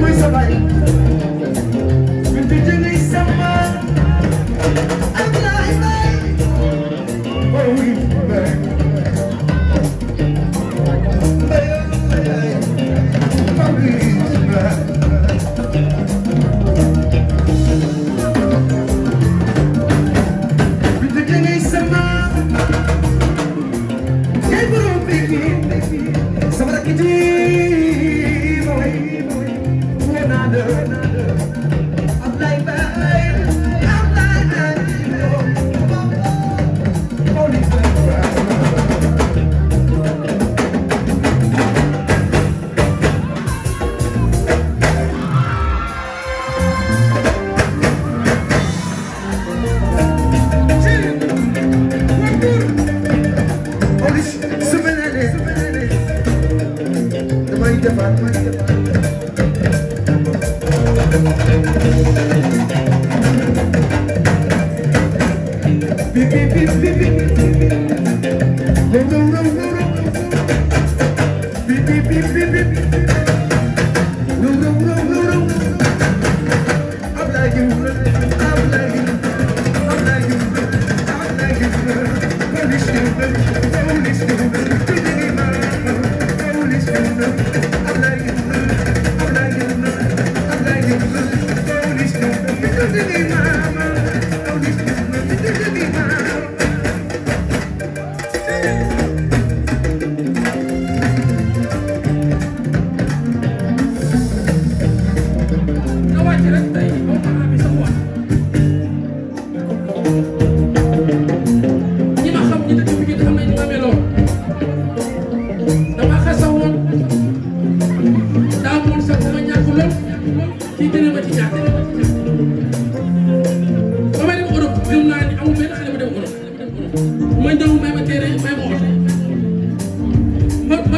muy sa baay Bip, bip, bip, bip.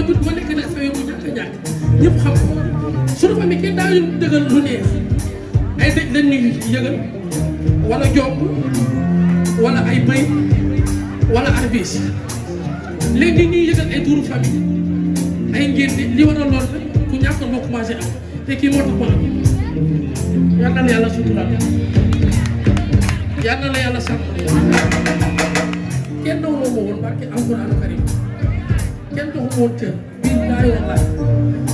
waajur boo nekk nag sa yóbbu jot a ñàkk ñëpp xam ko suñu famille kenn daa yóbbu dëggal lu neex ay dëj lañ ñuy yëgal wala jomb wala ay bëy wala arbis léegi ñuy yëgal ay tuuru famille ay ngénte li war a lool ku ñàkk moo commencé am te kii moo tax ko am na yàlla suturaal na la yàlla sàmm kenn dawloo ma woon barke alxuraan karim kenn joxu woon cër bii daay la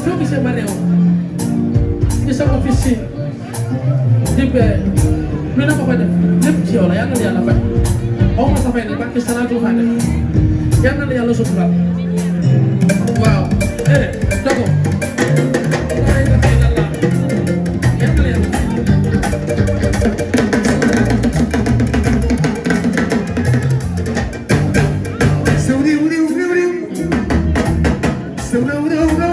soo gisee ma neew ci sama fils si dibbee lu ne ma ko def lépp ci yow la yàlla na yàlla fay xaw ma sa fay ne barke salaatu faa def yàlla na yàlla suturaal waaw eh.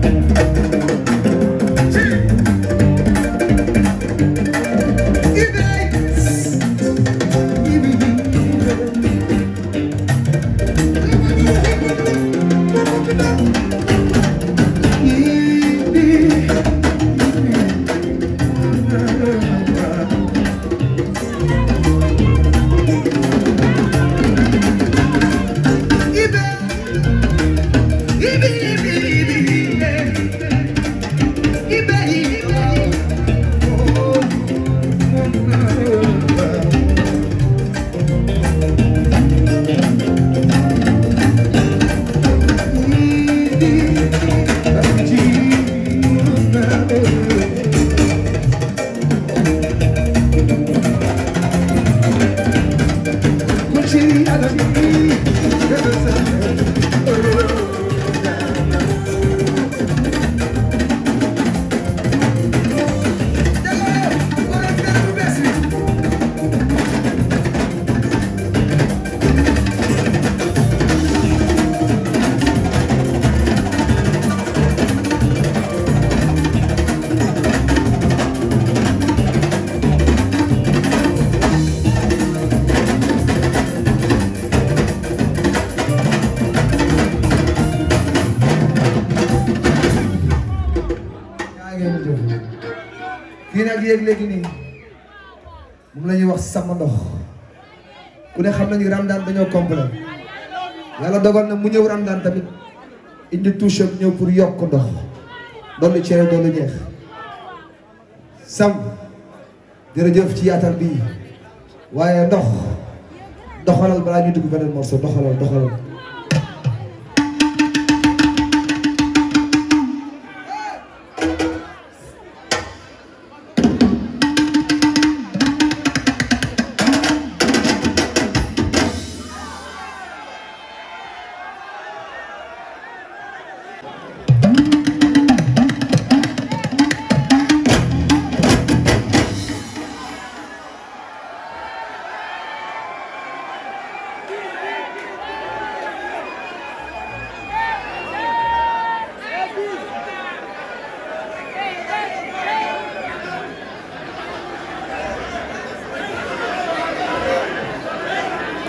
Thank lii nag yéeg léegi nii moom la wax sama ndox ku ne xam nañu Ramadaan dañoo complet yàlla dogal na mu ñëw Ramadaan tamit indi touche am ñëw pour yokk ndox dolli cere dolli ñeex sam jërëjëf ci yaatal bi waaye ndox doxalal balaa ñu dugg beneen morceau doxalal doxalal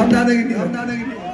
am naa da ngeen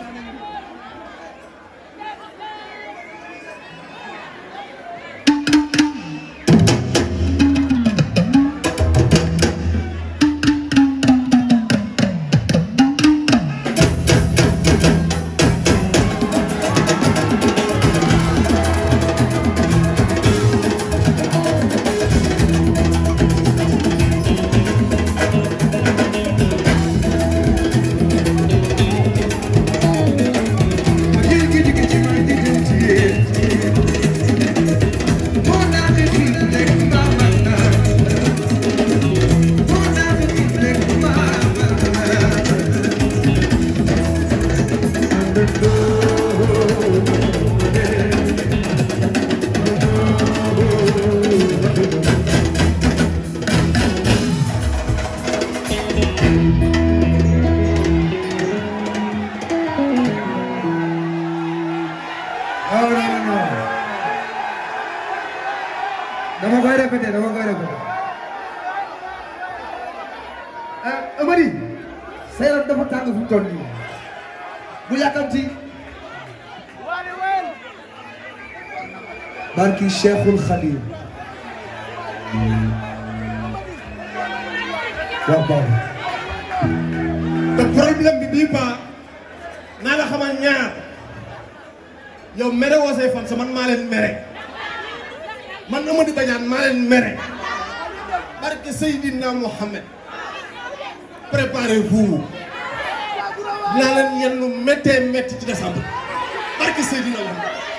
non non non dama koy répété dama koy répété ah Amady sa fu mu toll nii bu barki Cheikhul Khadim waaw waaw. te problème bi bii ba la xamal ñaar. yow mere woo say fan sa man maa leen mere man Amady Badiane maa leen mere barke Seydina Mohamed préparez-vous dinaa leen yenn méttee métti ci décembre barke Seydina Mohamed